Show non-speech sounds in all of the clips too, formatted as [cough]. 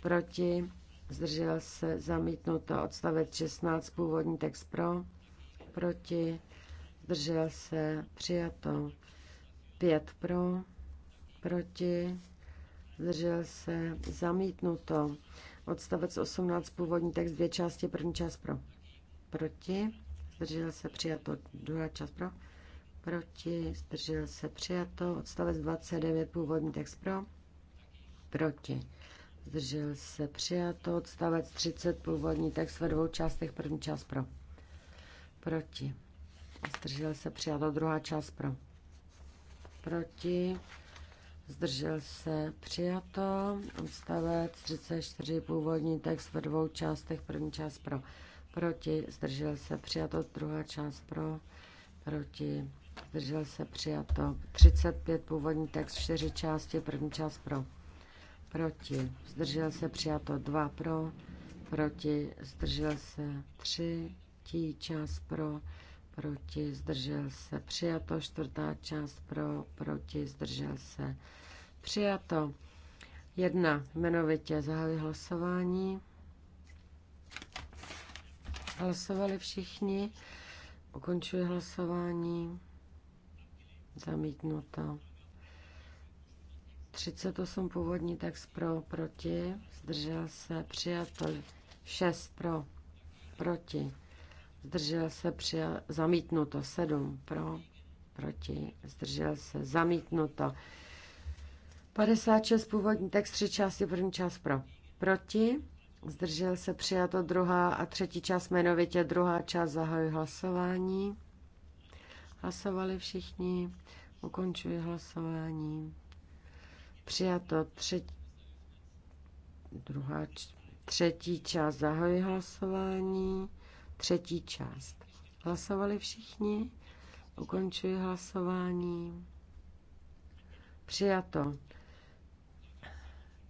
proti, zdržel se, zamítnuto. Odstavec 16, původní text pro, proti, zdržel se, přijato. 5 pro, proti, zdržel se, zamítnuto. Odstavec 18, původní text, dvě části, první část pro, proti, zdržel se, přijato, druhá část pro, proti, zdržel se, přijato. Odstavec 29, původní text pro, proti zdržel se přijato, odstavec 30, původní text ve dvou částech, první část pro, proti, zdržel se přijato, druhá část pro, proti, zdržel se přijato, odstavec 34, původní text ve dvou částech, první část pro, proti, zdržel se přijato, druhá část pro, proti, zdržel se přijato, 35, původní text, čtyři části, první část pro proti, zdržel se přijato 2 pro, proti, zdržel se 3, tí čas pro, proti, zdržel se přijato, čtvrtá část pro, proti, zdržel se přijato. Jedna, jmenovitě zahajuji hlasování. Hlasovali všichni. Ukončuji hlasování. Zamítnuto. 38 původní text pro, proti, zdržel se, přijato. 6 pro, proti, zdržel se, přijal, zamítnuto. 7 pro, proti, zdržel se, zamítnuto. 56 původní text, tři části, první část pro, proti, zdržel se, přijato druhá a třetí část, jmenovitě druhá část, zahajuje hlasování. Hlasovali všichni, ukončuji hlasování. Přijato třetí, druhá, třetí část zahoj hlasování. Třetí část. Hlasovali všichni? Ukončuji hlasování. Přijato.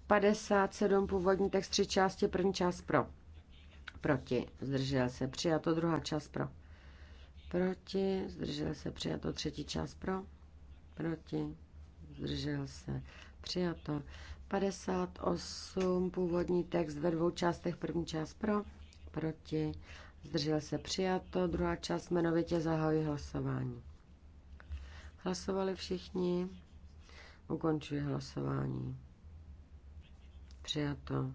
57 původní text, tři části, první část pro. Proti, zdržel se, přijato, druhá část pro. Proti, zdržel se, přijato, třetí část pro. Proti, zdržel se, Přijato. 58, původní text ve dvou částech, první část pro, proti, zdržel se přijato, druhá část jmenovitě zahájí hlasování. Hlasovali všichni, ukončuji hlasování. Přijato.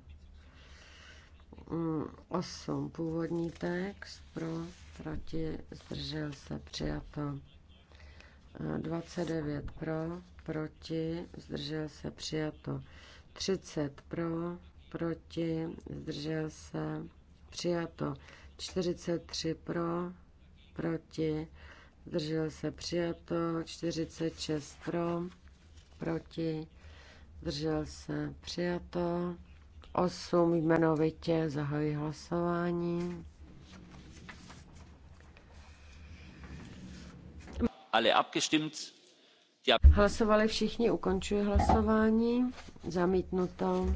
8, mm, původní text pro, proti, zdržel se přijato. 29 eh, pro, proti, zdržel se, přijato. 30 pro, proti, zdržel se, přijato. 43 pro, proti, zdržel se, přijato. 46 pro, proti, zdržel se, přijato. 8 jmenovitě zahají hlasování. Alle abgestimmt Hlasovali všichni, ukončuji hlasování. Zamítnuto.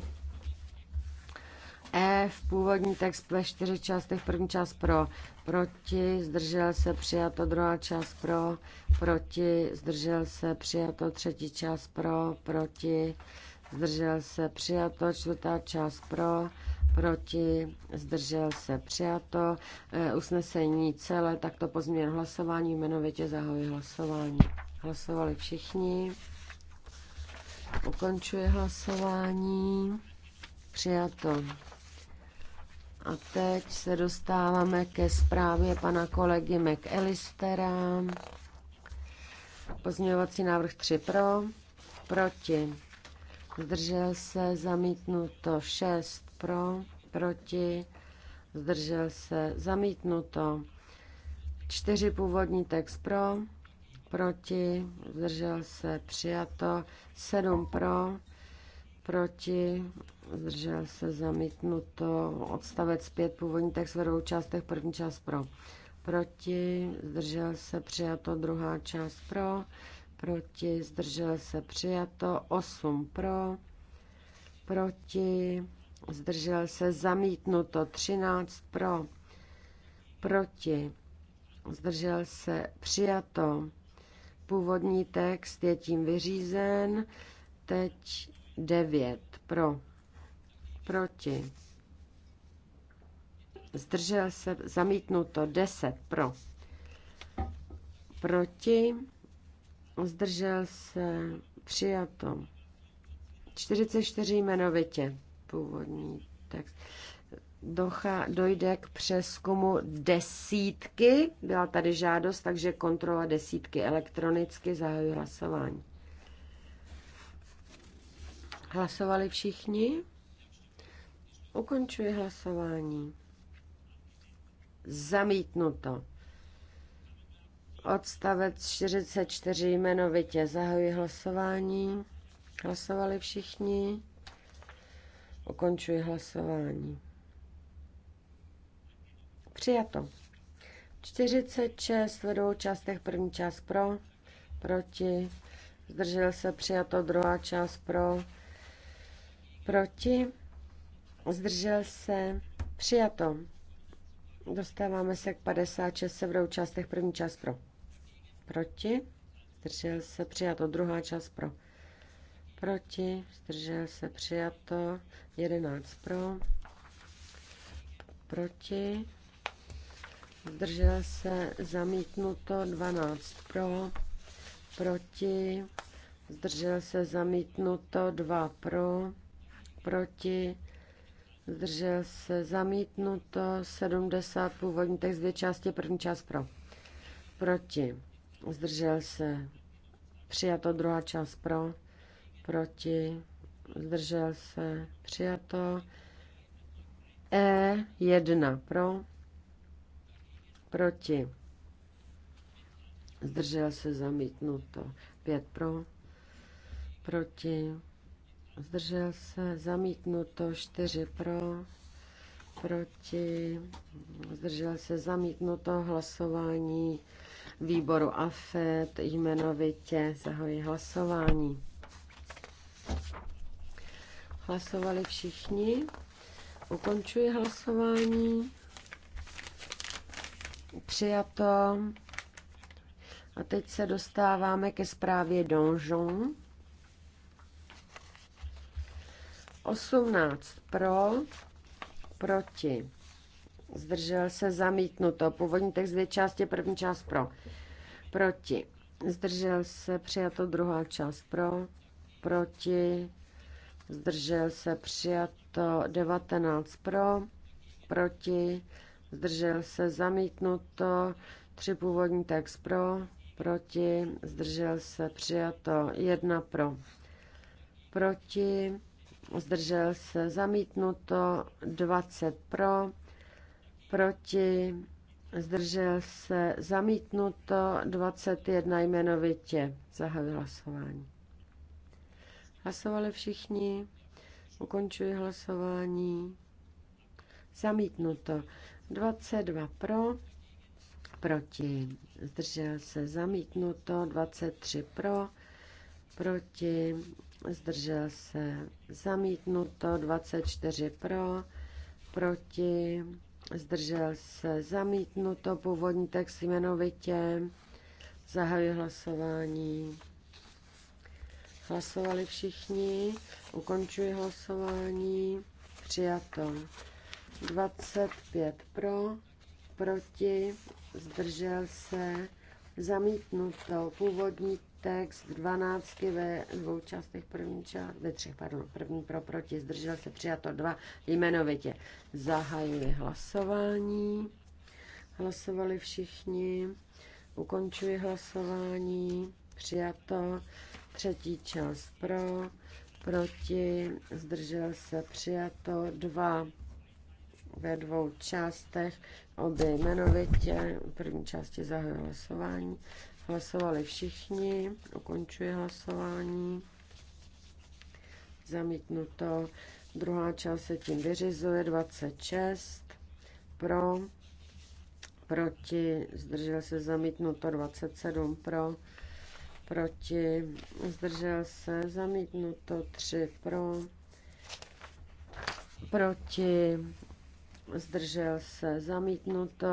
E v původní text ve části částech. První část pro, proti, zdržel se, přijato. Druhá část pro, proti, zdržel se, přijato. Třetí část pro, proti, zdržel se, přijato. Čtvrtá část pro, proti, zdržel se, přijato. E, usnesení celé, takto pozměn hlasování, jmenovitě zahoji hlasování. Hlasovali všichni. Ukončuje hlasování. Přijato. A teď se dostáváme ke zprávě pana kolegy McAllistera. Pozměňovací návrh 3 pro, proti. Zdržel se zamítnuto 6 pro, proti. Zdržel se zamítnuto 4 původní text pro, proti, zdržel se, přijato, 7 pro, proti, zdržel se, zamítnuto, odstavec 5, původní text ve dvou částech, první část pro, proti, zdržel se, přijato, druhá část pro, proti, zdržel se, přijato, 8 pro, proti, zdržel se, zamítnuto, 13 pro, proti, zdržel se, přijato, Původní text je tím vyřízen. Teď 9 pro, proti. Zdržel se, zamítnuto 10 pro, proti. Zdržel se, přijato. 44 jmenovitě, původní text docha, dojde k přeskumu desítky. Byla tady žádost, takže kontrola desítky elektronicky zahajuje hlasování. Hlasovali všichni? Ukončuji hlasování. Zamítnuto. Odstavec 44 jmenovitě zahajuji hlasování. Hlasovali všichni? Ukončuji hlasování. Přijato. 46 v dvou částech. První část pro, proti. Zdržel se přijato. Druhá část pro, proti. Zdržel se přijato. Dostáváme se k 56 se v dvou částech. První část pro, proti. Zdržel se přijato. Druhá část pro, proti. Zdržel se přijato. 11 pro, proti zdržel se, zamítnuto 12 pro, proti, zdržel se, zamítnuto 2 pro, proti, zdržel se, zamítnuto 70 původní text dvě části, první část pro, proti, zdržel se, přijato druhá část pro, proti, zdržel se, přijato E1 pro, Proti. Zdržel se zamítnuto. 5 pro. Proti. Zdržel se zamítnuto. 4 pro. Proti. Zdržel se zamítnuto hlasování výboru AFET jmenovitě. zahojí hlasování. Hlasovali všichni. Ukončuji hlasování. Přijato. A teď se dostáváme ke zprávě Donjon. 18 pro, proti. Zdržel se zamítnuto. Původní text dvě části, první část pro, proti. Zdržel se přijato druhá část pro, proti. Zdržel se přijato 19 pro, proti zdržel se zamítnuto, tři původní text pro, proti, zdržel se přijato, jedna pro, proti, zdržel se zamítnuto, 20 pro, proti, zdržel se zamítnuto, 21 jmenovitě, zahajuji hlasování. Hlasovali všichni, ukončuji hlasování, zamítnuto. 22 pro, proti, zdržel se zamítnuto, 23 pro, proti, zdržel se zamítnuto, 24 pro, proti, zdržel se zamítnuto, původní text jmenovitě, zahajuji hlasování. Hlasovali všichni, ukončuji hlasování, přijato. 25 pro, proti, zdržel se, zamítnuto. Původní text 12 ve dvou částech, první část, ve třech, pardon, první pro, proti, zdržel se, přijato dva, jmenovitě. Zahajuji hlasování. Hlasovali všichni. Ukončuji hlasování. Přijato. Třetí část pro, proti, zdržel se, přijato dva ve dvou částech, obě jmenovitě. V první části zahajuji hlasování. Hlasovali všichni, ukončuje hlasování. Zamítnuto. Druhá část se tím vyřizuje. 26 pro, proti, zdržel se zamítnuto. 27 pro, proti, zdržel se zamítnuto. 3 pro, proti, zdržel se zamítnuto,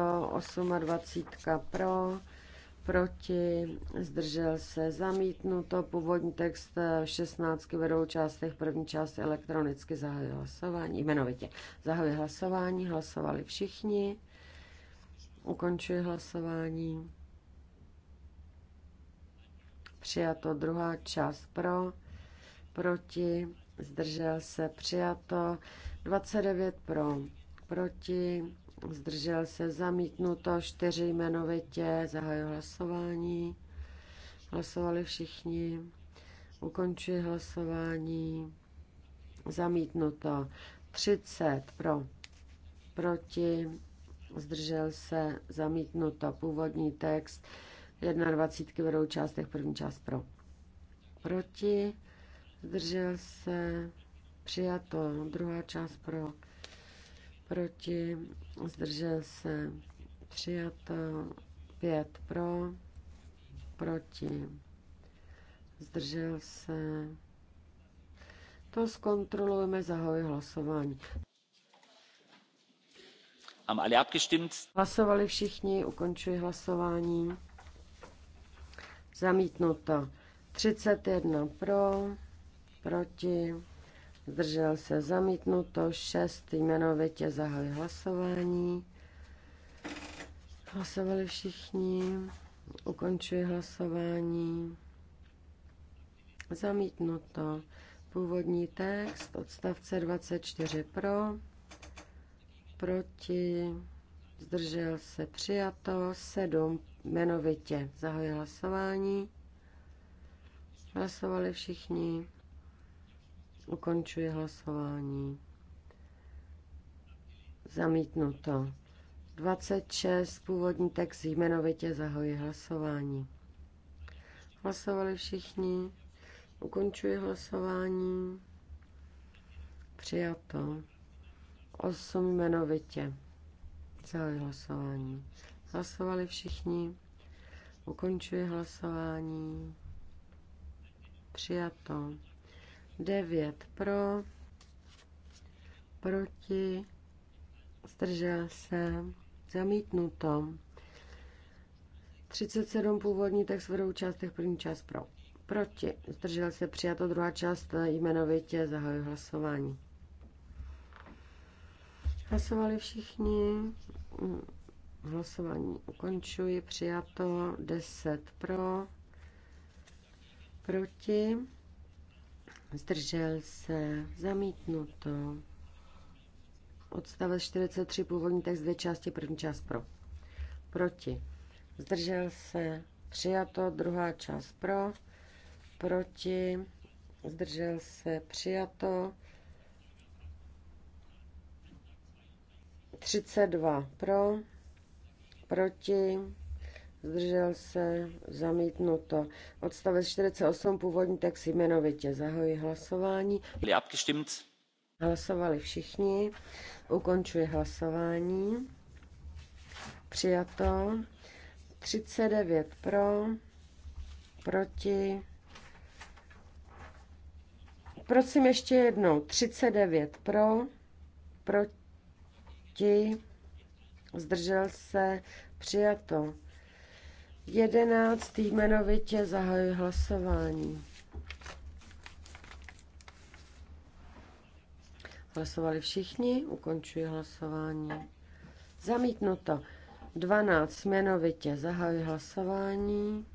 28 pro, proti, zdržel se zamítnuto, původní text 16 ve dvou částech, první část elektronicky zahajuje hlasování, jmenovitě zahajuje hlasování, hlasovali všichni, ukončuje hlasování, přijato druhá část pro, proti, zdržel se přijato, 29 pro, proti, zdržel se zamítnuto, čtyři jmenovitě, zahajuji hlasování, hlasovali všichni, ukončuji hlasování, zamítnuto, 30 pro, proti, zdržel se, zamítnuto, původní text, 21 vedou částech, první část pro, proti, zdržel se, přijato, druhá část pro, proti, zdržel se, přijato, 5 pro, proti, zdržel se. To zkontrolujeme, zahoj hlasování. Haben alle abgestimmt? Hlasovali všichni, ukončuji hlasování. Zamítnuto. 31 pro, proti zdržel se zamítnuto, šest jmenovitě zahali hlasování. Hlasovali všichni, ukončuji hlasování. Zamítnuto. Původní text odstavce 24 pro, proti, zdržel se přijato, sedm jmenovitě zahali hlasování. Hlasovali všichni. Ukončuji hlasování. Zamítnuto. 26. Původní text jmenovitě zahojí hlasování. Hlasovali všichni. Ukončuji hlasování. Přijato. 8 jmenovitě. zahojí hlasování. Hlasovali všichni. Ukončuji hlasování. Přijato. 9 pro, proti, zdržel se, zamítnuto. 37 původní text v dvou částech, první část pro, proti, zdržel se, přijato druhá část jmenovitě, zahajuji hlasování. Hlasovali všichni, hlasování ukončuji, přijato 10 pro, proti, zdržel se, zamítnuto. Odstavec 43, původní text, dvě části, první část pro. Proti. Zdržel se, přijato, druhá část pro. Proti. Zdržel se, přijato. 32 pro. Proti zdržel se, zamítnuto. Odstavec 48, původní text jmenovitě. Zahoji hlasování. Hlasovali všichni. Ukončuji hlasování. Přijato. 39 pro, proti. Prosím ještě jednou. 39 pro, proti. Zdržel se. Přijato. 11 jmenovitě zahajuji hlasování. Hlasovali všichni, ukončuji hlasování. Zamítnuto. 12 jmenovitě zahajuji hlasování.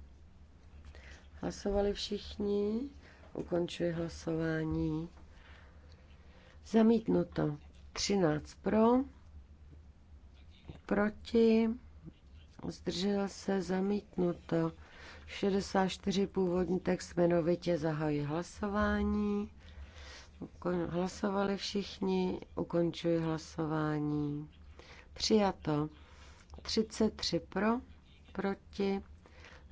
Hlasovali všichni, ukončuji hlasování. Zamítnuto. 13 pro, proti zdržel se zamítnuto. 64 původní text jmenovitě zahají hlasování. Hlasovali všichni, ukončuji hlasování. Přijato 33 pro, proti,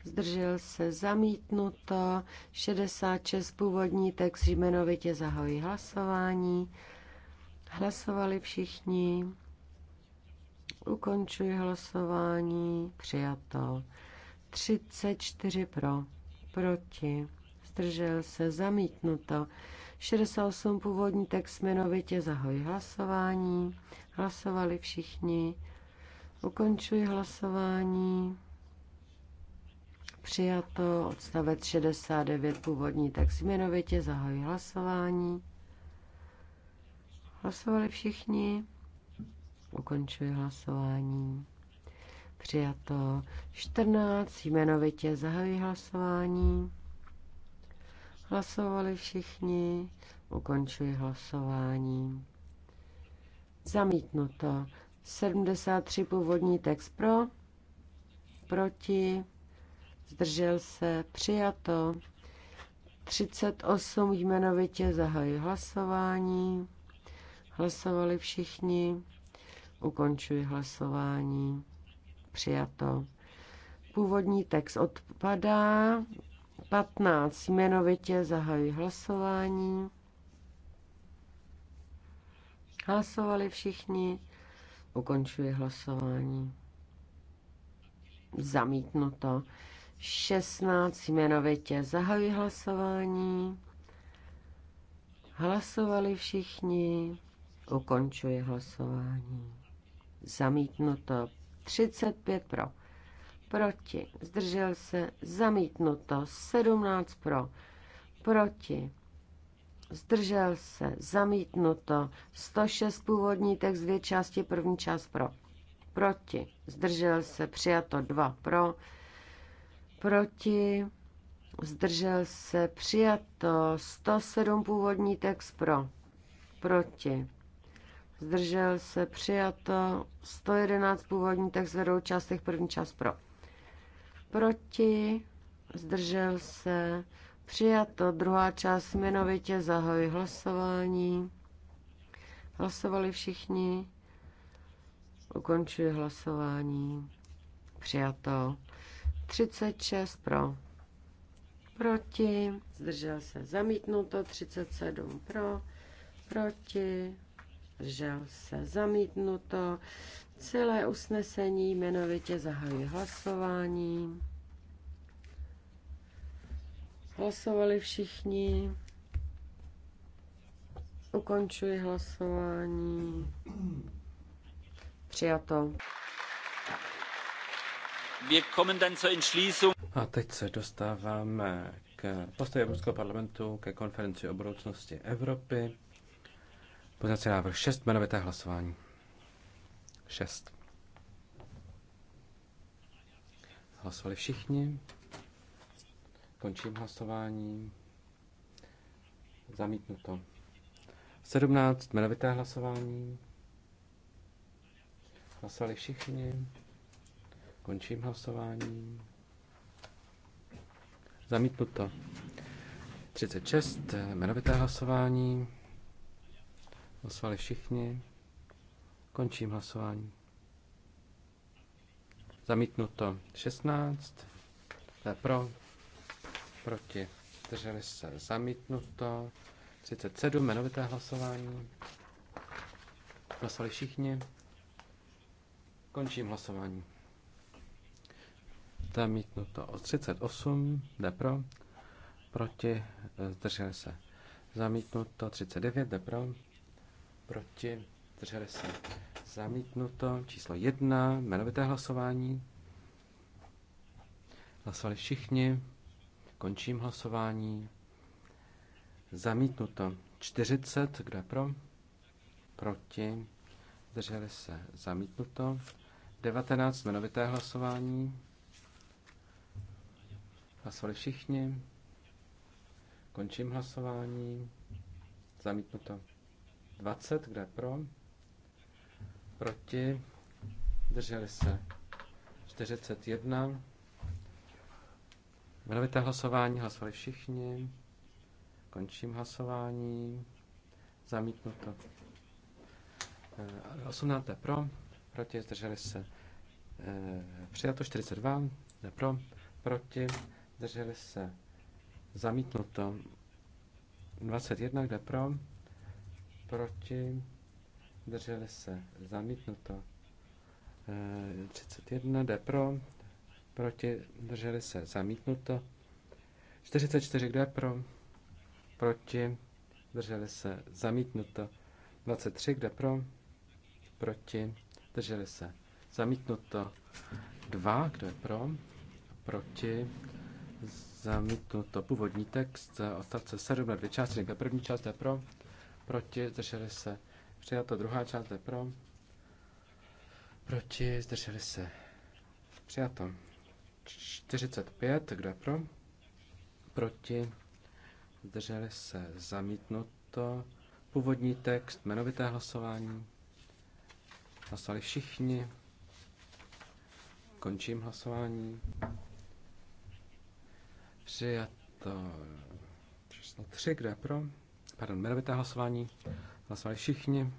zdržel se zamítnuto, 66 původní text jmenovitě zahojí hlasování. Hlasovali všichni, Ukončuji hlasování. Přijato. 34 pro. Proti. Zdržel se. Zamítnuto. 68 původní text jmenovitě zahoj hlasování. Hlasovali všichni. Ukončuji hlasování. Přijato odstavec 69 původní text jmenovitě zahoj hlasování. Hlasovali všichni. Ukončuji hlasování. Přijato 14, jmenovitě zahajuji hlasování. Hlasovali všichni, ukončuji hlasování. Zamítnuto 73 původní text pro, proti, zdržel se, přijato 38 jmenovitě zahajuji hlasování. Hlasovali všichni. Ukončuji hlasování. Přijato. Původní text odpadá. 15. Jmenovitě zahajuji hlasování. Hlasovali všichni. Ukončuji hlasování. Zamítnuto. 16. Jmenovitě zahajuji hlasování. Hlasovali všichni. Ukončuji hlasování zamítnuto. 35 pro, proti, zdržel se, zamítnuto. 17 pro, proti, zdržel se, zamítnuto. 106 původní text, dvě části, první část pro, proti, zdržel se, přijato 2 pro, proti, zdržel se, přijato 107 původní text pro, proti, zdržel se, přijato 111 původní text ve dvou částech, první část pro. Proti, zdržel se, přijato druhá část jmenovitě, zahoj hlasování. Hlasovali všichni, ukončuji hlasování, přijato 36 pro. Proti, zdržel se, zamítnuto 37 pro, proti, žel se zamítnuto. Celé usnesení jmenovitě zahajuje hlasování. Hlasovali všichni. Ukončuji hlasování. Přijato. A teď se dostáváme k postoji Evropského parlamentu ke konferenci o budoucnosti Evropy. Poznací návrh 6, jmenovité hlasování. 6. Hlasovali všichni. Končím hlasování. Zamítnuto. 17. Jmenovité hlasování. Hlasovali všichni. Končím hlasování. Zamítnuto. 36. Jmenovité hlasování. Hlasovali všichni. Končím hlasování. Zamítnuto 16. To je pro. Proti. Drželi se. Zamítnuto. 37. Jmenovité hlasování. Hlasovali všichni. Končím hlasování. Zamítnuto o 38. Jde pro. Proti. Zdrželi se. Zamítnuto 39. Jde pro proti, zdrželi se. Zamítnuto číslo jedna. jmenovité hlasování. Hlasovali všichni. Končím hlasování. Zamítnuto 40, kdo je pro? Proti, zdrželi se. Zamítnuto 19, jmenovité hlasování. Hlasovali všichni. Končím hlasování. Zamítnuto. 20, kde pro, proti, drželi se 41. Jmenovité hlasování hlasovali všichni. Končím hlasování. Zamítnuto. 18. Eh, pro, proti, zdrželi se. Eh, přijato 42, ne pro, proti, zdrželi se. Zamítnuto. 21, kde pro, proti, drželi se, zamítnuto. 31 e, jde pro, proti, drželi se, zamítnuto. 44 kde pro, proti, drželi se, zamítnuto. 23 kde pro, proti, drželi se, zamítnuto. 2 kde pro, proti, zamítnuto. Původní text e, odstavce 7 na dvě části, kde první část je pro, proti, zdrželi se přijato. Druhá část je pro, proti, zdrželi se přijato. 45, kdo je pro, proti, zdrželi se zamítnuto. Původní text, jmenovité hlasování. Hlasovali všichni. Končím hlasování. Přijato číslo 3, kde pro? Pardon, jmenovité hlasování. Hlasovali všichni.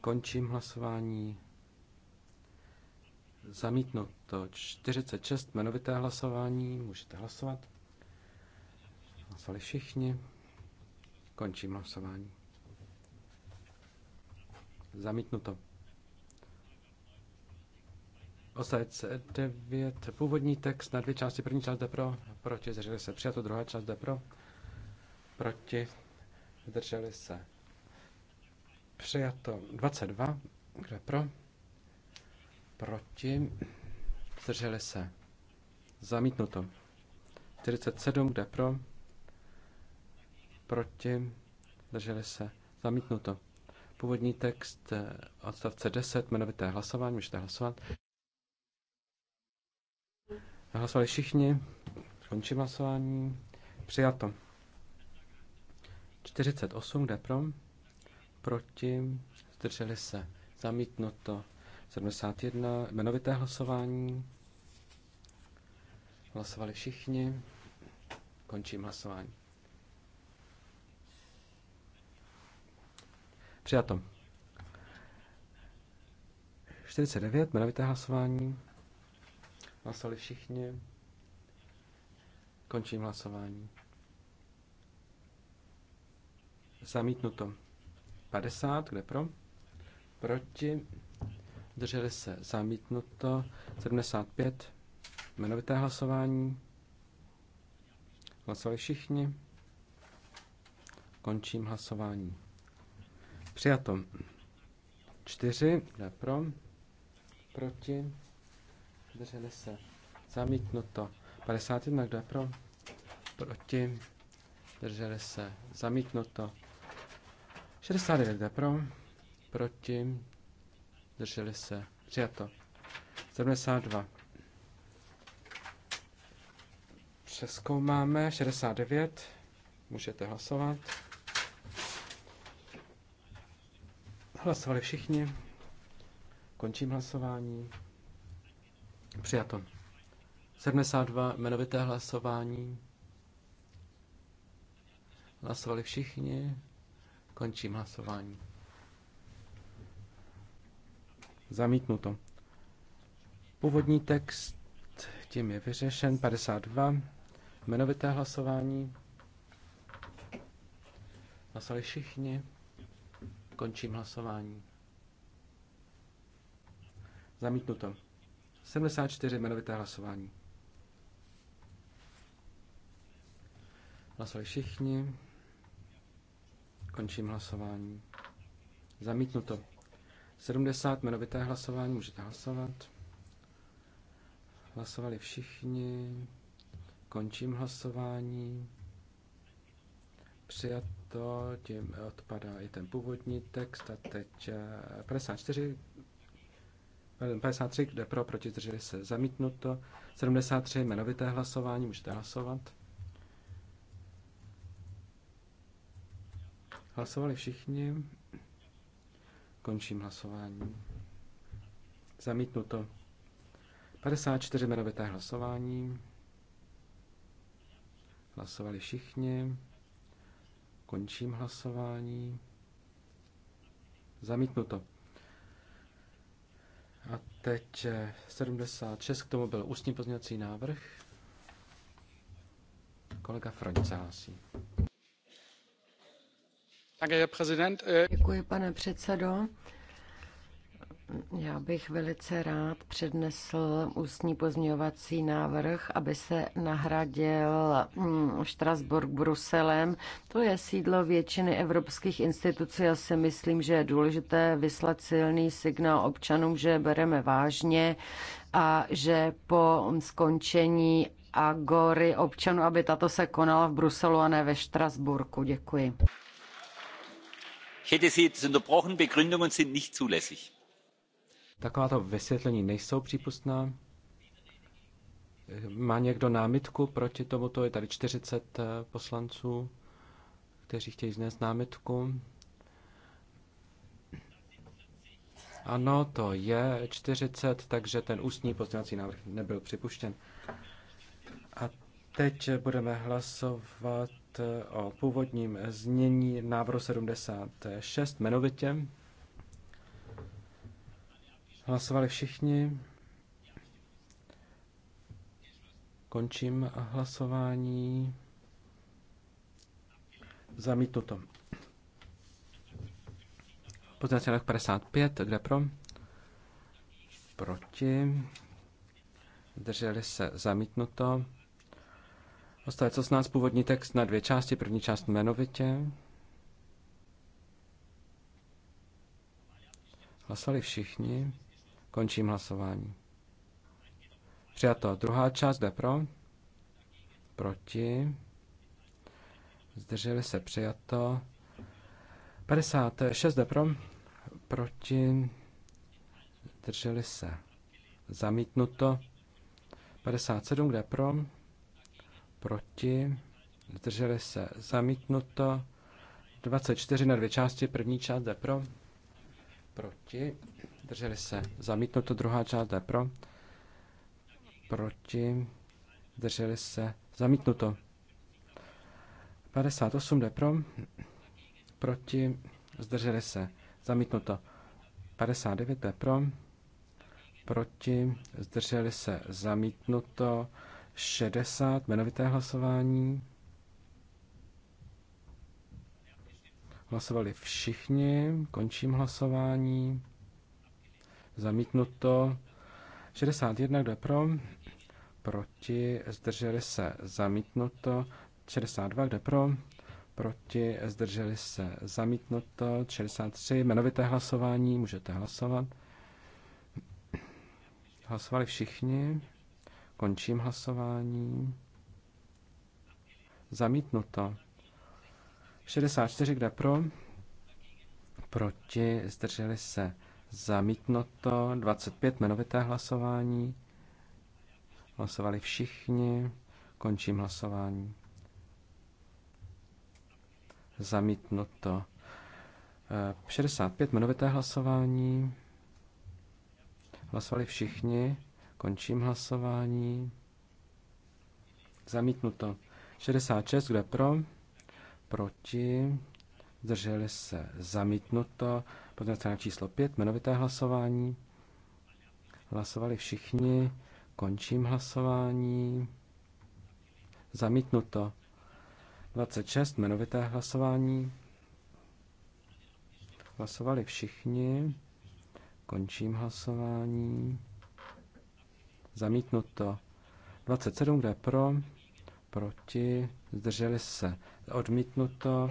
Končím hlasování. to. 46 jmenovité hlasování. Můžete hlasovat. Hlasovali všichni. Končím hlasování. to. Odstavec 9. Původní text na dvě části. První část jde pro, proti, Zřejmě se přijato, druhá část jde pro, proti, zdrželi se. Přijato 22, kdo pro? Proti, zdrželi se. Zamítnuto. 47, kde pro? Proti, zdrželi se. Zamítnuto. Původní text eh, odstavce 10, jmenovité hlasování, můžete hlasovat. Hlasovali všichni, končím hlasování. Přijato. 48 jde pro, proti, zdrželi se, zamítnuto. 71 jmenovité hlasování. Hlasovali všichni. Končím hlasování. Přijato. 49 jmenovité hlasování. Hlasovali všichni. Končím hlasování. Zamítnuto. 50, kde pro? Proti. Drželi se. Zamítnuto. 75. Jmenovité hlasování. Hlasovali všichni. Končím hlasování. Přijato. 4, kde pro? Proti. Drželi se. Zamítnuto. 51, kde pro? Proti. Drželi se. Zamítnuto. 69 jde pro, proti, drželi se, přijato. 72. Přeskoumáme 69, můžete hlasovat. Hlasovali všichni. Končím hlasování. Přijato. 72 jmenovité hlasování. Hlasovali všichni. Končím hlasování. Zamítnuto. Původní text tím je vyřešen. 52. Jmenovité hlasování. Hlasovali všichni. Končím hlasování. Zamítnuto. 74 jmenovité hlasování. Hlasovali všichni. Končím hlasování. Zamítnuto. 70 jmenovité hlasování, můžete hlasovat. Hlasovali všichni. Končím hlasování. Přijato, tím odpadá i ten původní text a teď 54, eh, 53, kde pro, proti, zdrželi se, zamítnuto. 73 jmenovité hlasování, můžete hlasovat. Hlasovali všichni. Končím hlasování. Zamítnuto. 54 jmenovité hlasování. Hlasovali všichni. Končím hlasování. Zamítnuto. A teď 76, eh, k tomu byl ústní pozměňovací návrh. Kolega Froň se hlasí. Äh, Děkuji, pane předsedo. Já bych velice rád přednesl ústní pozměňovací návrh, aby se nahradil mm, štrasburk Bruselem. To je sídlo většiny evropských institucí. Já si myslím, že je důležité vyslat silný signál občanům, že bereme vážně a že po skončení agory občanů, aby tato se konala v Bruselu a ne ve Štrasburku. Děkuji. Takováto vysvětlení nejsou přípustná. Má někdo námitku proti tomuto? Je tady 40 eh, poslanců, kteří chtějí znést námitku. Ano, to je 40, takže ten ústní pozměňovací návrh nebyl připuštěn. A teď budeme hlasovat o původním znění návrhu 76 jmenovitě. Hlasovali všichni. Končím hlasování. Zamítnuto. Pozměňovací návrh 55, kde pro? Proti. Drželi se zamítnuto co snad původní text na dvě části, první část jmenovitě. Hlasovali všichni. Končím hlasování. Přijato. Druhá část jde pro. Proti. Zdrželi se přijato. 56 jde pro. Proti. Zdrželi se. Zamítnuto. 57 jde pro proti, zdrželi se zamítnuto, 24 na dvě části, první část jde pro, proti, zdrželi se zamítnuto, druhá část jde pro, proti, zdrželi se zamítnuto. 58 jde pro, proti, zdrželi se zamítnuto. 59 jde pro, proti, zdrželi se zamítnuto. 60, jmenovité hlasování. Hlasovali všichni, končím hlasování. Zamítnuto. 61, kdo je pro? Proti, zdrželi se, zamítnuto. 62, kdo je pro? Proti, zdrželi se, zamítnuto. 63, jmenovité hlasování, můžete hlasovat. Hlasovali všichni. Končím hlasování. Zamítnuto. 64, kde pro? Proti, zdrželi se. Zamítnuto. 25, jmenovité hlasování. Hlasovali všichni. Končím hlasování. Zamítnuto. 65, eh, jmenovité hlasování. Hlasovali všichni. Končím hlasování. Zamítnuto. 66, kdo je pro? Proti. Zdrželi se. Zamítnuto. Potom strana číslo 5, jmenovité hlasování. Hlasovali všichni. Končím hlasování. Zamítnuto. 26, jmenovité hlasování. Hlasovali všichni. Končím hlasování zamítnuto. 27, kde pro, proti, zdrželi se, odmítnuto.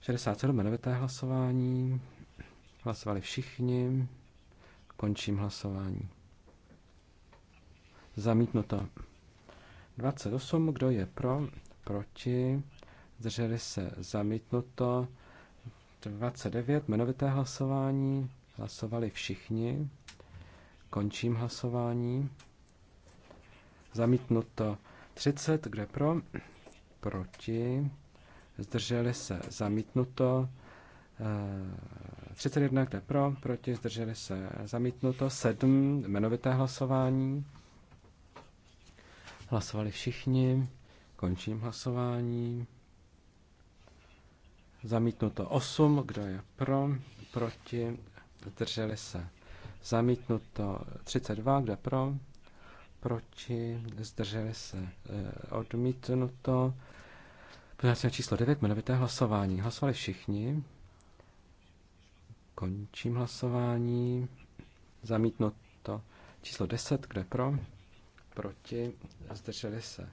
67, jmenovité hlasování, hlasovali všichni, končím hlasování. Zamítnuto. 28, kdo je pro, proti, zdrželi se, zamítnuto. 29, jmenovité hlasování, hlasovali všichni. Končím hlasování. Zamítnuto 30, kde pro? Proti. Zdrželi se. Zamítnuto. 31, eh, kde pro? Proti. Zdrželi se. Zamítnuto. 7, jmenovité hlasování. Hlasovali všichni. Končím hlasování. Zamítnuto 8, kdo je pro? Proti. Zdrželi se. Zamítnuto 32, kde pro, proti, zdrželi se e, odmítnuto. Poznávací číslo 9, jmenovité hlasování. Hlasovali všichni. Končím hlasování. Zamítnuto číslo 10, kde pro, proti, zdrželi se.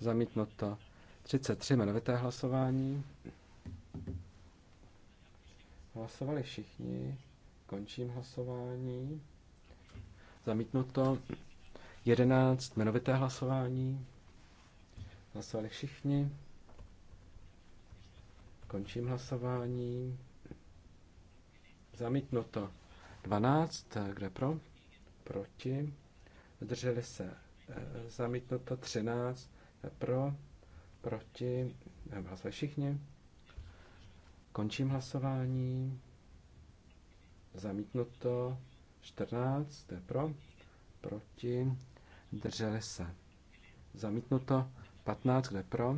Zamítnuto 33, jmenovité hlasování. Hlasovali všichni. Končím hlasování. Zamítnuto. 11. Jmenovité hlasování. Hlasovali všichni. Končím hlasování. Zamítnuto. 12. Kde pro? Proti. Zdrželi se. Eh, Zamítnuto. 13. Pro. Proti. Hlasovali všichni. Končím hlasování. Zamítnuto 14, to je pro, proti, drželi se. Zamítnuto 15, kde pro,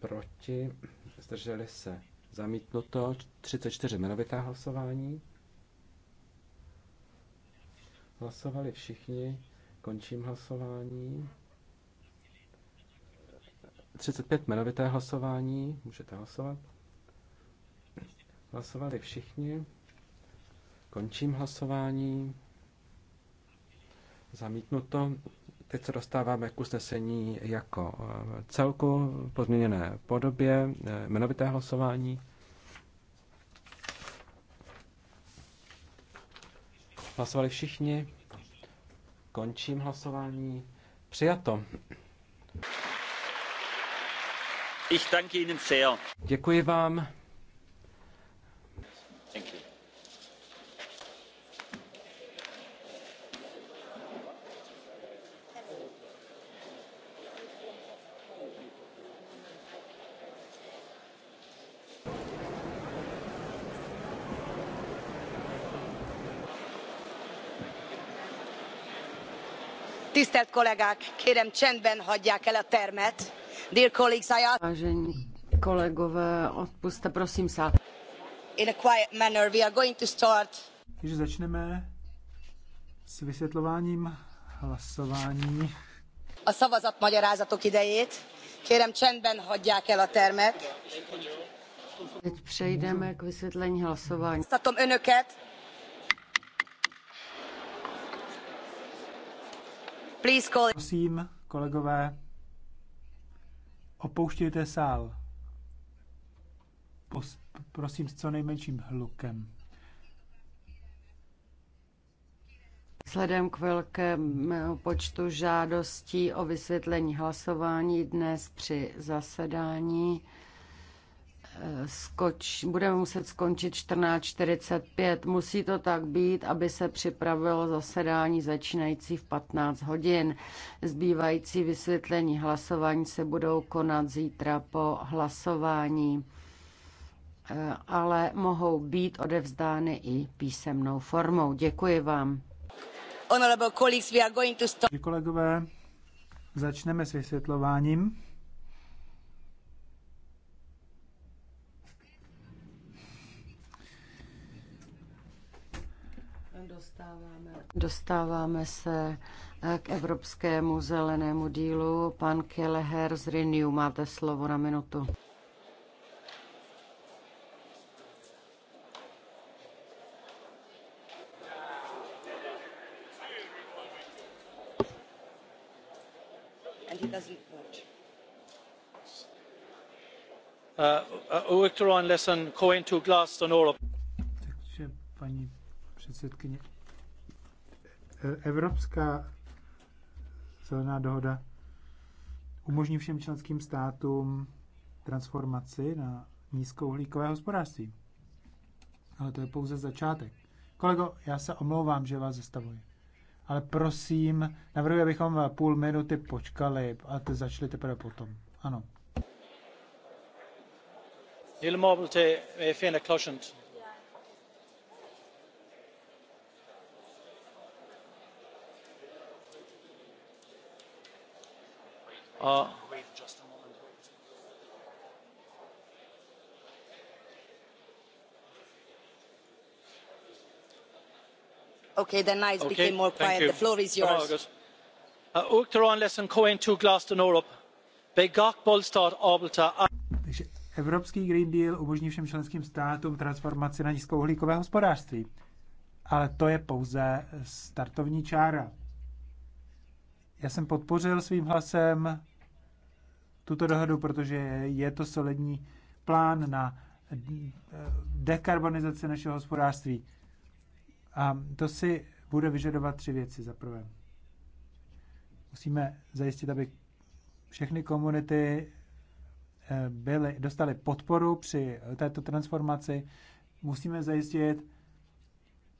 proti, zdrželi se. Zamítnuto 34, jmenovitá hlasování. Hlasovali všichni, končím hlasování. 35 jmenovité hlasování, můžete hlasovat. Hlasovali všichni. Končím hlasování. Zamítnuto. Teď se dostáváme k usnesení jako eh, celku v pozměněné podobě, eh, jmenovité hlasování. Hlasovali všichni. Končím hlasování. Přijato. Ich danke Ihnen sehr. Děkuji vám. Tisztelt kollégák, kérem csendben hagyják el a termet. Dear colleagues, I ask... Vážení kolegové, odpuste prosím sál. In a quiet manner, we are going to start. Takže začneme s vysvětlováním hlasování. A szavazatmagyarázatok idejét. Kérem csendben hagyják el a termet. Teď přejdeme k vysvětlení hlasování. Statom önöket, Prosím, kolegové, opouštějte sál. Pos, prosím s co nejmenším hlukem. Vzhledem k velkému počtu žádostí o vysvětlení hlasování dnes při zasedání skoč, budeme muset skončit 14.45. Musí to tak být, aby se připravilo zasedání začínající v 15 hodin. Zbývající vysvětlení hlasování se budou konat zítra po hlasování, eh, ale mohou být odevzdány i písemnou formou. Děkuji vám. Kolegové, začneme s vysvětlováním. Dostáváme se eh, k Evropskému zelenému dílu. Pan Keleher z Renew, máte slovo na minutu. Uh, uh, Takže paní předsedkyně, Evropská zelená dohoda umožní všem členským státům transformaci na nízkouhlíkové hospodářství. Ale to je pouze začátek. Kolego, já se omlouvám, že vás zastavuji. Ale prosím, navrhuji, abychom půl minuty počkali a to začali teprve potom. Ano. Ilmoblte, eh, Fiona Closhant. Uh, A Takže Evropský Green Deal umožní všem členským státům transformaci na nízkouhlíkové hospodářství. Ale to je pouze startovní čára. Já jsem podpořil svým hlasem tuto dohodu, protože je to solidní plán na eh, dekarbonizaci našeho hospodářství. A to si bude vyžadovat tři věci. Za prvé, musíme zajistit, aby všechny komunity eh, byly, dostali podporu při této transformaci. Musíme zajistit,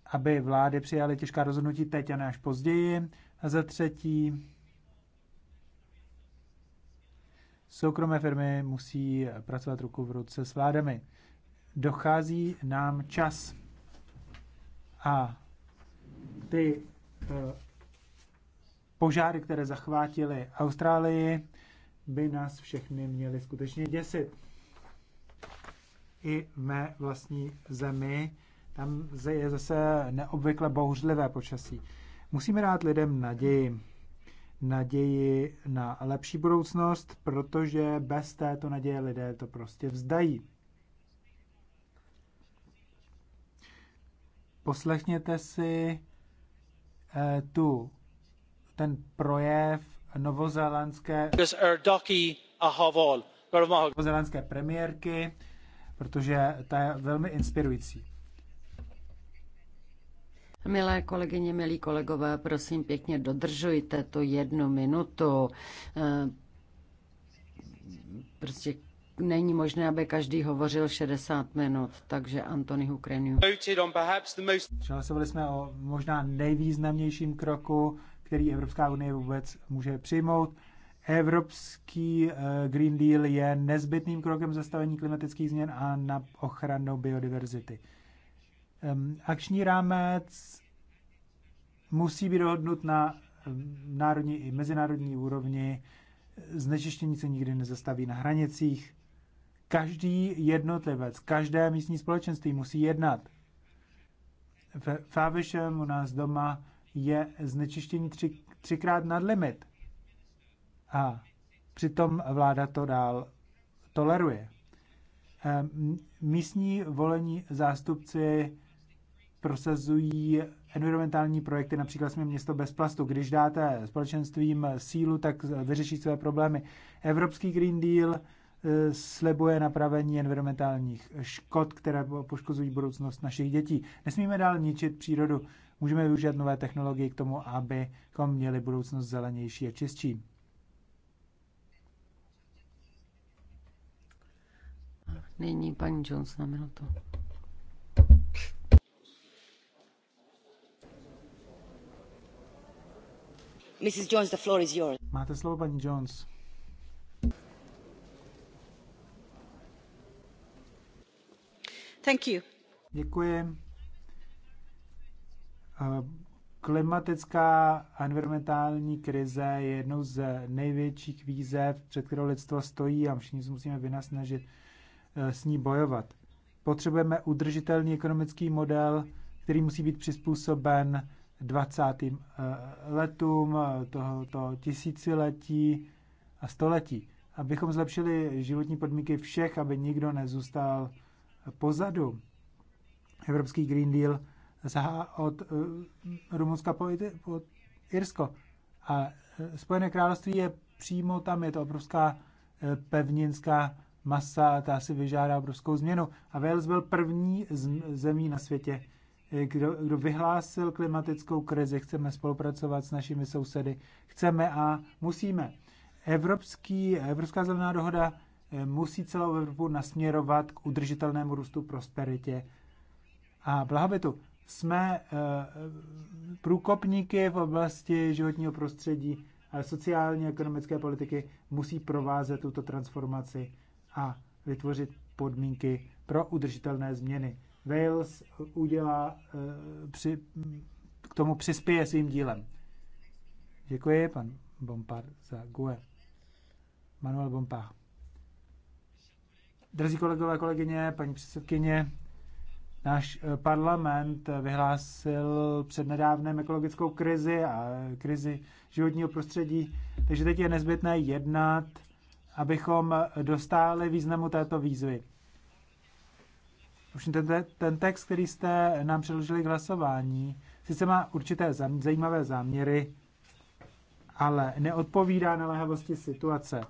aby vlády přijaly těžká rozhodnutí teď a ne až později. A za třetí, Soukromé firmy musí pracovat ruku v ruce s vládami. Dochází nám čas a ty eh, požáry, které zachvátily Austrálii, by nás všechny měly skutečně děsit. I v mé vlastní zemi, tam je zase neobvykle bouřlivé počasí. Musíme dát lidem naději naději na lepší budoucnost, protože bez této naděje lidé to prostě vzdají. Poslechněte si eh, tu ten projev novozélandské novozélandské premiérky, protože ta je velmi inspirující. Milé kolegyně, milí kolegové, prosím pěkně, dodržujte tu jednu minutu. Eh, prostě není možné, aby každý hovořil 60 minut, takže Antony Hukreniu. Přihlasovali jsme o možná nejvýznamnějším kroku, který Evropská unie vůbec může přijmout. Evropský eh, Green Deal je nezbytným krokem zastavení klimatických změn a na ochranu biodiverzity. Akční rámec musí být dohodnut na národní i mezinárodní úrovni. Znečištění se nikdy nezastaví na hranicích. Každý jednotlivec, každé místní společenství musí jednat. V Fávišem u nás doma je znečištění tři, třikrát nad limit. A přitom vláda to dál toleruje. Místní volení zástupci prosazují environmentální projekty, například jsme město bez plastu. Když dáte společenstvím sílu, tak vyřeší své problémy. Evropský Green Deal eh, slibuje napravení environmentálních škod, které poškozují budoucnost našich dětí. Nesmíme dál ničit přírodu. Můžeme využít nové technologie k tomu, abychom měli budoucnost zelenější a čistší. Nyní paní Jones na minutu. Mrs. Jones, the floor is yours. Máte slovo, paní Jones. Thank you. Děkuji. Eh, klimatická a environmentální krize je jednou z největších výzev, před kterou lidstvo stojí a všichni se musíme vynasnažit eh, s ní bojovat. Potřebujeme udržitelný ekonomický model, který musí být přizpůsoben 20. Eh, letům eh, tohoto tisíciletí a století. Abychom zlepšili životní podmínky všech, aby nikdo nezůstal pozadu. Evropský Green Deal zahá od eh, Rumunska po, po Irsko. A Spojené království je přímo tam, je to obrovská pevninská masa, ta si vyžádá obrovskou změnu. A Wales byl první zemí na světě, kdo, kdo vyhlásil klimatickou krizi, chceme spolupracovat s našimi sousedy, chceme a musíme. Evropský, Evropská zelená dohoda eh, musí celou Evropu nasměrovat k udržitelnému růstu, prosperitě a blahobytu. Jsme eh, průkopníky v oblasti životního prostředí a a ekonomické politiky musí provázet tuto transformaci a vytvořit podmínky pro udržitelné změny. Wales udělá, eh, při, k tomu přispěje svým dílem. Děkuji, pan Bompar za GUE. Manuel Bompard. Drazí kolegové, kolegyně, paní předsedkyně, náš eh, parlament vyhlásil před nedávnem ekologickou krizi a eh, krizi životního prostředí, takže teď je nezbytné jednat, abychom dostáli významu této výzvy. Už ten, ten text, který jste nám předložili k hlasování, sice má určité zajímavé záměry, ale neodpovídá naléhavosti situace.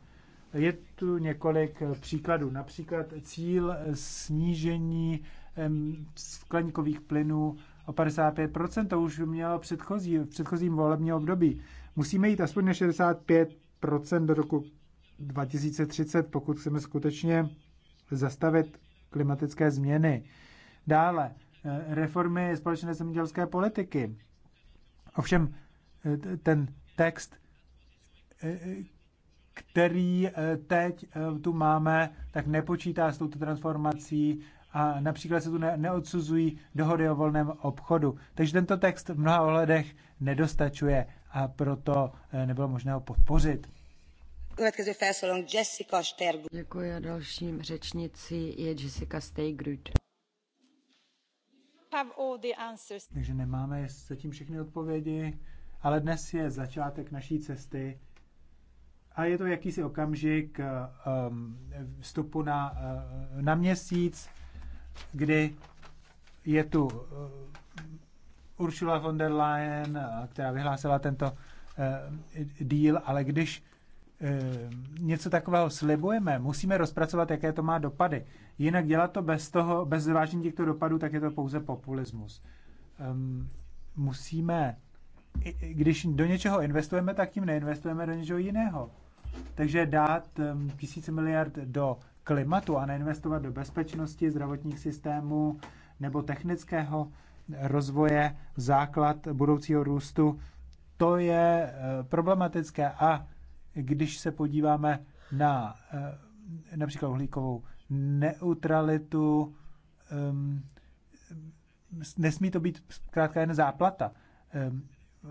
Je tu několik příkladů. Například cíl snížení skleníkových plynů o 55%, to už mělo předchozí, v předchozím volebním období. Musíme jít aspoň na 65% do roku 2030, pokud chceme skutečně zastavit klimatické změny. Dále eh, reformy společné zemědělské politiky. Ovšem eh, ten text, eh, který teď tu máme, tak nepočítá s touto transformací a například se tu neodsuzují dohody o volném obchodu. Takže tento text v mnoha ohledech nedostačuje a proto nebylo možné ho podpořit. Děkuji a dalším řečnicí je Jessica Steigrud. Takže nemáme zatím všechny odpovědi, ale dnes je začátek naší cesty a je to jakýsi okamžik um, vstupu na, uh, na měsíc, kdy je tu uh, Ursula von der Leyen, uh, která vyhlásila tento uh, díl, ale když Eh, něco takového slibujeme, musíme rozpracovat, jaké to má dopady. Jinak dělat to bez toho, bez zvážení těchto dopadů, tak je to pouze populismus. musíme, když do něčeho investujeme, tak tím neinvestujeme do něčeho jiného. Takže dát tisíce miliard do klimatu a neinvestovat do bezpečnosti, zdravotních systémů nebo technického rozvoje, základ budoucího růstu, to je eh, problematické. A když se podíváme na eh, například uhlíkovou neutralitu, ehm, nesmí to být zkrátka jen záplata. Ehm,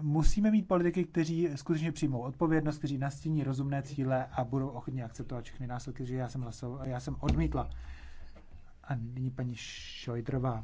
musíme mít politiky, kteří skutečně přijmou odpovědnost, kteří nastíní rozumné cíle a budou ochotně akceptovat všechny následky, že já jsem, hlasoval, já jsem odmítla. A nyní paní Šojdrová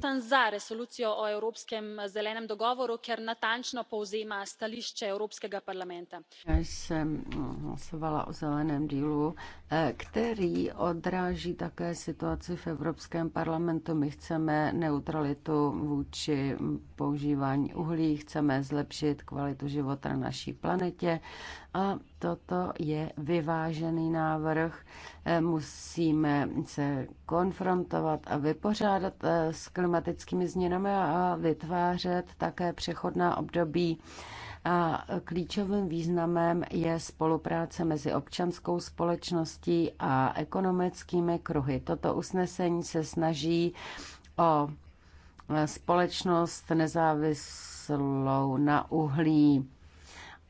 jsem Za rezoluci o evropském zeleném dogovoru, ker natančno povzema stališče Evropského parlamenta. Já jsem eh, hlasovala o zeleném dílu, eh, který odráží také situaci v Evropském parlamentu. My chceme neutralitu vůči používání uhlí, chceme zlepšit kvalitu života na naší planetě a Toto je vyvážený návrh. Eh, musíme se konfrontovat a vypořádat eh, s klimatickými změnami a vytvářet také přechodná období. A klíčovým významem je spolupráce mezi občanskou společností a ekonomickými kruhy. Toto usnesení se snaží o eh, společnost nezávislou na uhlí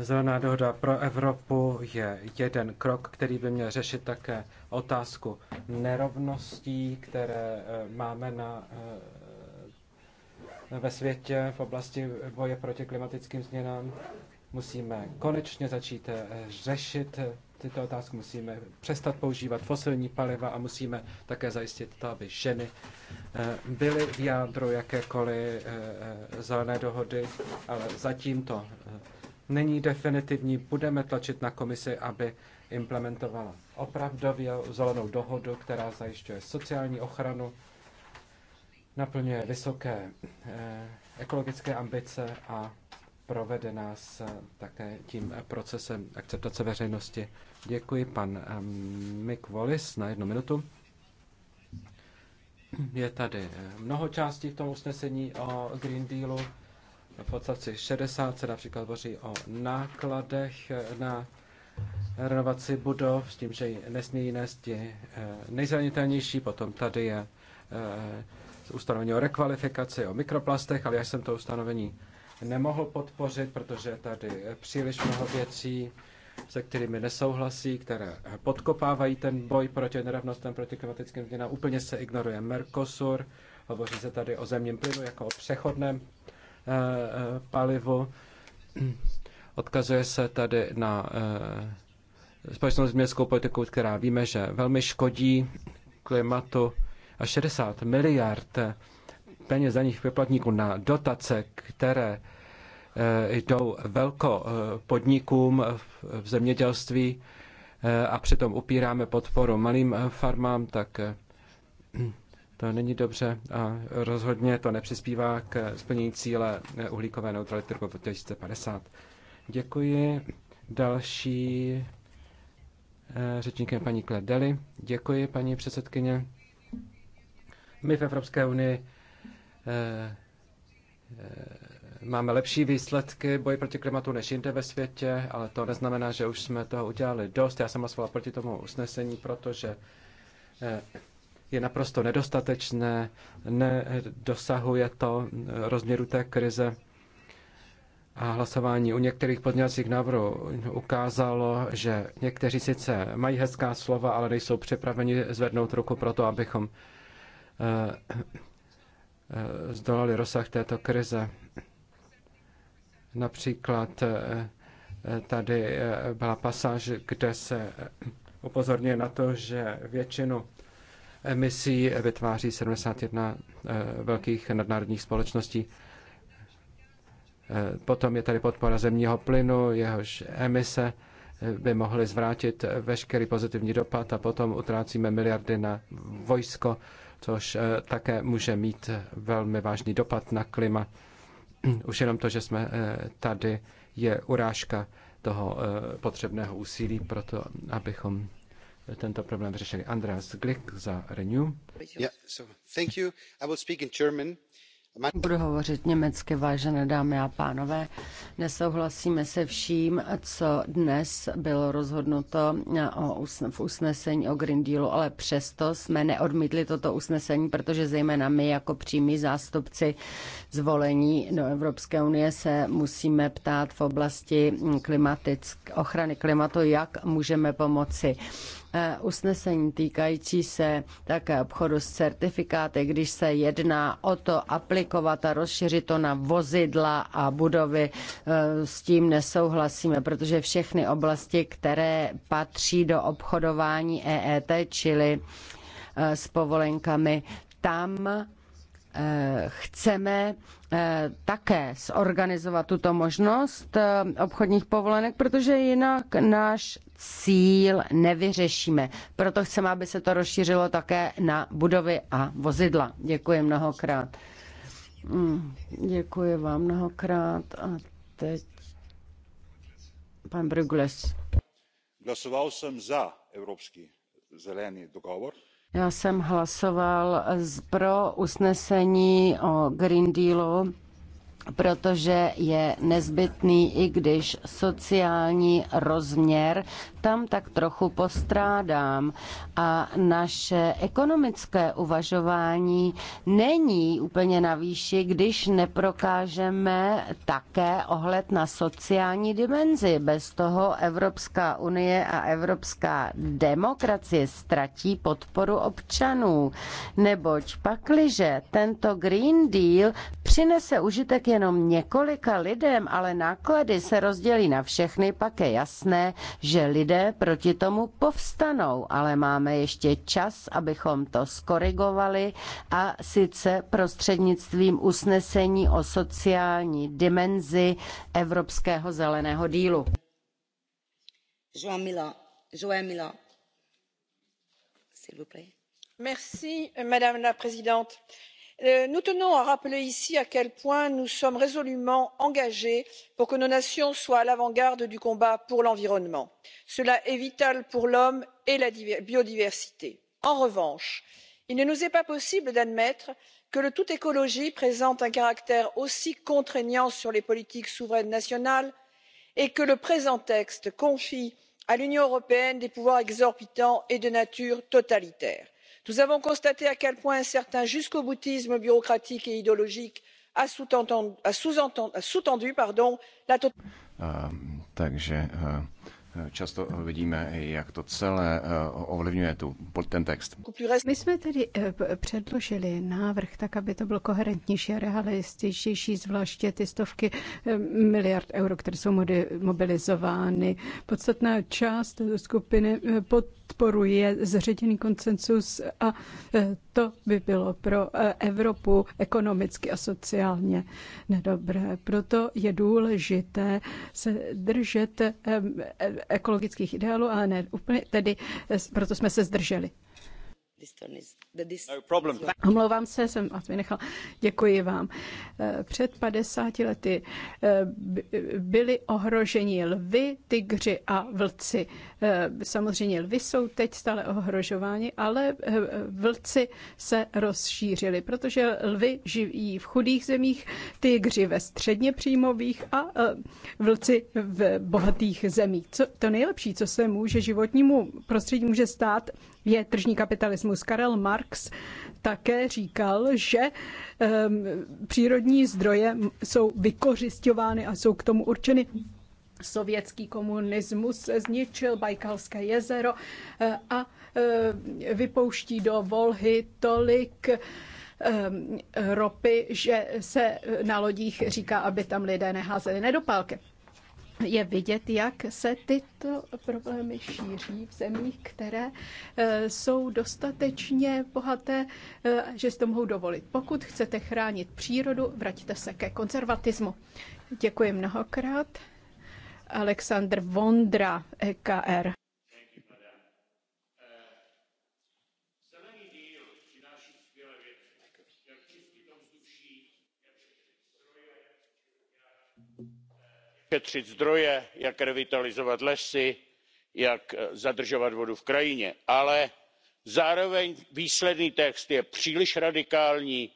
Zelená dohoda pro Evropu je jeden krok, který by měl řešit také otázku nerovností, které eh, máme na, eh, ve světě v oblasti boje proti klimatickým změnám. Musíme konečně začít eh, řešit tyto otázky, musíme přestat používat fosilní paliva a musíme také zajistit to, aby ženy byly v jádru jakékoliv zelené dohody, ale zatím to není definitivní. Budeme tlačit na komisi, aby implementovala opravdově zelenou dohodu, která zajišťuje sociální ochranu, naplňuje vysoké eh, ekologické ambice a provede nás eh, také tím procesem akceptace veřejnosti. Děkuji pan eh, Mick Wallis na jednu minutu. Je tady mnoho částí v tom usnesení o Green Dealu. V odstavci 60 se například hovoří o nákladech na renovaci budov s tím, že nesmí nést ti eh, nejzranitelnější. Potom tady je eh, ustanovení o rekvalifikaci, o mikroplastech, ale já jsem to ustanovení nemohl podpořit, protože je tady příliš mnoho věcí, se kterými nesouhlasí, které podkopávají ten boj proti nerovnostem, proti klimatickým změnám. Úplně se ignoruje Mercosur, hovoří se tady o zemním plynu jako o přechodném Eh, eh, palivo. Odkazuje se tady na eh, společnou městskou politiku, která víme, že velmi škodí klimatu a 60 miliard peněz nich vyplatníků na dotace, které jdou velko podnikům v zemědělství a přitom upíráme podporu malým farmám, tak to není dobře a rozhodně to nepřispívá k splnění cíle uhlíkové neutrality roku 2050. Děkuji. Další eh, řečníkem paní Kledeli. Děkuji, paní předsedkyně. My v Evropské unii eh, eh, máme lepší výsledky boji proti klimatu než jinde ve světě, ale to neznamená, že už jsme toho udělali dost. Já jsem hlasovala proti tomu usnesení, protože je naprosto nedostatečné, nedosahuje to rozměru té krize. A hlasování u některých pozměňovacích návrhů ukázalo, že někteří sice mají hezká slova, ale nejsou připraveni zvednout ruku pro to, abychom eh, eh, zdolali rozsah této krize. Například eh, tady byla pasáž, kde se upozorňuje na to, že většinu emisí vytváří 71 eh, velkých nadnárodních společností. Eh, potom je tady podpora zemního plynu, jehož emise eh, by mohly zvrátit veškerý pozitivní dopad a potom utrácíme miliardy na vojsko, což také může mít velmi vážný dopad na klima. [clears throat] Už jenom to, že jsme tady, je urážka toho potřebného úsilí pro to, abychom tento problém řešili. Andreas Glick za Renew. Budu hovořit německy, vážené dámy a pánové. Nesouhlasíme se vším, co dnes bylo rozhodnuto v usnesení o Green Dealu, ale přesto jsme neodmítli toto usnesení, protože zejména my jako přímí zástupci zvolení do Evropské unie se musíme ptát v oblasti klimatick, ochrany klimatu, jak můžeme pomoci Eh, usnesení týkající se také obchodu s certifikáty, když se jedná o to aplikovat a rozšířit to na vozidla a budovy, eh, s tím nesouhlasíme, protože všechny oblasti, které patří do obchodování EET, čili eh, s povolenkami, tam chceme také zorganizovat tuto možnost obchodních povolenek, protože jinak náš cíl nevyřešíme. Proto chceme, aby se to rozšířilo také na budovy a vozidla. Děkuji mnohokrát. Mm, děkuji vám mnohokrát a teď pan Brugles. Hlasoval jsem za Evropský zelený dogovor. Já jsem hlasoval pro usnesení o Green Dealu protože je nezbytný, i když sociální rozměr tam tak trochu postrádám. A naše ekonomické uvažování není úplně na výši, když neprokážeme také ohled na sociální dimenzi. Bez toho Evropská unie a evropská demokracie ztratí podporu občanů. Neboť pakliže tento Green Deal přinese užitek jenom několika lidem, ale náklady se rozdělí na všechny, pak je jasné, že lidé lidé proti tomu povstanou, ale máme ještě čas, abychom to skorigovali a sice prostřednictvím usnesení o sociální dimenzi Evropského zeleného dílu. Merci, madame la présidente. Euh, nous tenons à rappeler ici à quel point nous sommes résolument engagés pour que nos nations soient à l'avant garde du combat pour l'environnement. cela est vital pour l'homme et la biodiversité. en revanche il ne nous est pas possible d'admettre que le tout écologie présente un caractère aussi contraignant sur les politiques souveraines nationales et que le présent texte confie à l'union européenne des pouvoirs exorbitants et de nature totalitaire nous avons constaté à quel point un certain jusqu'au boutisme bureaucratique et idéologique a sous tendu la ehm, takže ehm, často vidíme, jak to celé eh, ovlivňuje ten text. My jsme tedy eh, předložili návrh tak, aby to bylo koherentnější a realističtější, zvláště ty stovky ehm, miliard euro, které jsou mobilizovány. Podstatná část skupiny eh, pod podporuje zředěný koncensus a e, to by bylo pro e, Evropu ekonomicky a sociálně nedobré. Proto je důležité se držet e, ekologických ideálů, ale ne úplně, tedy proto jsme se zdrželi. No Omlouvám se, jsem vás vynechal. Děkuji vám. Před 50 lety byli ohroženi lvy, tygři a vlci. Eh, samozřejmě lvy jsou teď stále ohrožováni, ale eh, vlci se rozšířili, protože lvy žijí v chudých zemích, tygři ve středně příjmových a eh, vlci v bohatých zemích. Co, to nejlepší, co se může životnímu prostředí může stát, je tržní kapitalismus. Karel Marx také říkal, že um, přírodní zdroje jsou vykořišťovány a jsou k tomu určeny sovětský komunismus zničil Bajkalské jezero eh, a eh, vypouští do Volhy tolik eh, ropy, že se na lodích říká, aby tam lidé neházeli nedopálky. Je vidět, jak se tyto problémy šíří v zemích, které jsou dostatečně bohaté, že si to mohou dovolit. Pokud chcete chránit přírodu, vraťte se ke konzervatismu. Děkuji mnohokrát. Aleksandr Vondra, EKR. Uh, uh, šetřit zdroje jak revitalizovat lesy jak uh, zadržovat vodu v krajině ale zároveň výsledný text je příliš radikální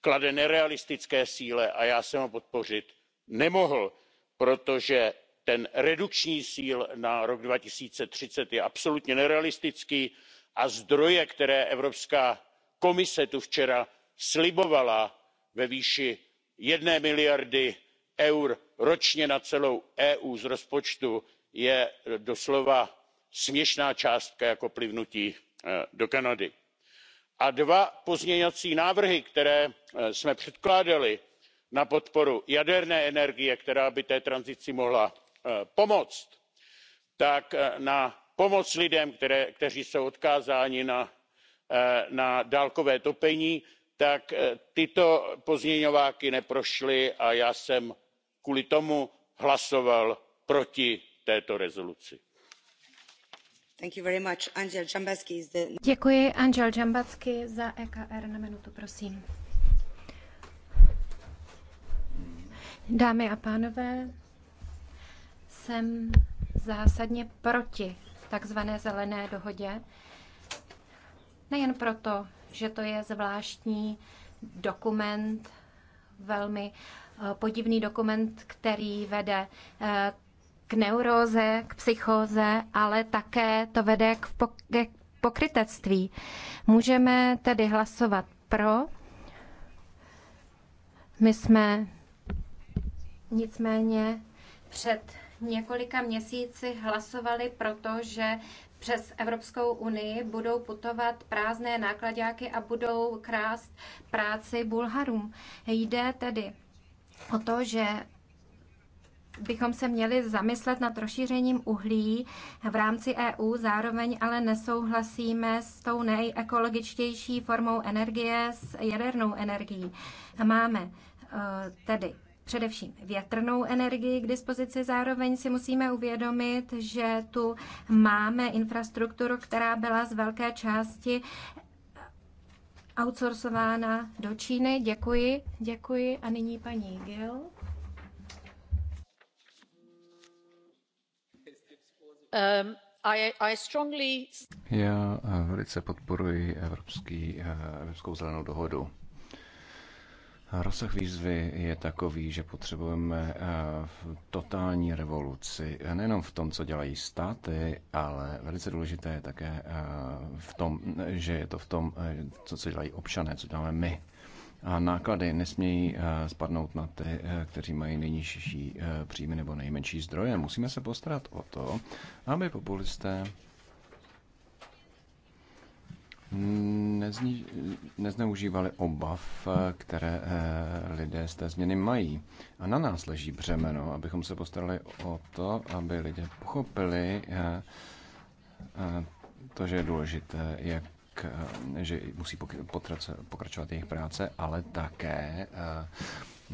klade nerealistické cíle a já jsem ho podpořit nemohl protože ten redukční cíl na rok two thousand and thirty je absolutně nerealistický a zdroje které evropská komise tu včera slibovala ve výši jedné miliardy eur ročně na celou eu z rozpočtu je doslova směšná částka jako plivnutí eh, do kanady. a dva pozměňovací návrhy které eh, jsme předkládali na podporu jaderné energie která by té tranzici mohla Eh, pomoct tak eh, na pomoc lidem kteří jsou odkázáni na eh, dálkové topení tak tyto pozměňováky neprošly a já jsem kvůli tomu hlasoval proti této rezoluci. Děkuji Angel za e na minutu, prosím. Dámy a jsem zásadně proti takzvané zelené dohodě. Nejen proto, že to je zvláštní dokument, velmi eh, podivný dokument, který vede eh, k neuróze, k psychóze, ale také to vede k pokrytectví. Můžeme tedy hlasovat pro. My jsme nicméně před několika měsíci hlasovali proto, že přes Evropskou unii budou putovat prázdné nákladňáky a budou krást práci Bulharům. Jde tedy o to, že bychom se měli zamyslet nad rozšířením uhlí v rámci EU, zároveň ale nesouhlasíme s tou nejekologičtější formou energie, s jadernou energií. Máme eh, tedy především větrnou energii k dispozici. Zároveň si musíme uvědomit, že tu máme infrastrukturu, která byla z velké části outsourcována do Číny. Děkuji, děkuji. A nyní paní Gil. Um, I strongly... Já eh, velice podporuji Evropský, eh, Evropskou zelenou dohodu. Rozsah výzvy je takový, že potřebujeme eh, totální revoluci eh, nejenom v tom, co dělají státy, ale velice důležité je také eh, v tom, že je to v tom, co, dělají občané, co děláme my. A náklady nesmějí spadnout na ty, kteří mají nejnižší příjmy nebo nejmenší zdroje. Musíme se postarat o to, aby populisté nezni, nezneužívali obav, které eh, lidé z té změny mají. A na nás leží břemeno, abychom se postarali o to, aby lidé pochopili eh, eh, to, že je důležité, jak že musí pokračovat jejich práce, ale také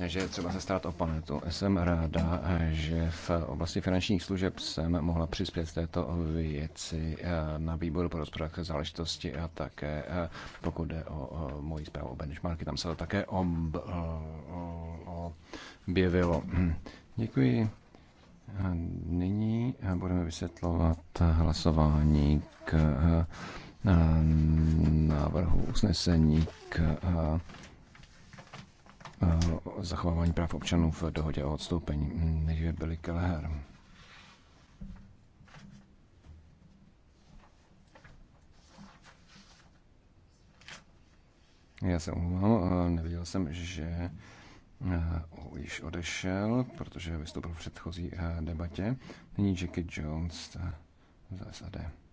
že třeba se stát o planetu. Jsem ráda, že v oblasti finančních služeb jsem mohla přispět této věci eh, na výboru pro hospodářské záležitosti a také eh, pokud jde o moji zprávu o benchmarky, tam se to také eh, objevilo. Hm. Děkuji. Nyní budeme vysvětlovat hlasování k návrhu usnesení k Eh, zachovávání práv občanů v dohodě o odstoupení, než je Billy Kelleher. Já se omlouvám, eh, neviděl jsem, že eh, již odešel, protože vystoupil v předchozí debatě. Nyní Jackie Jones za SAD.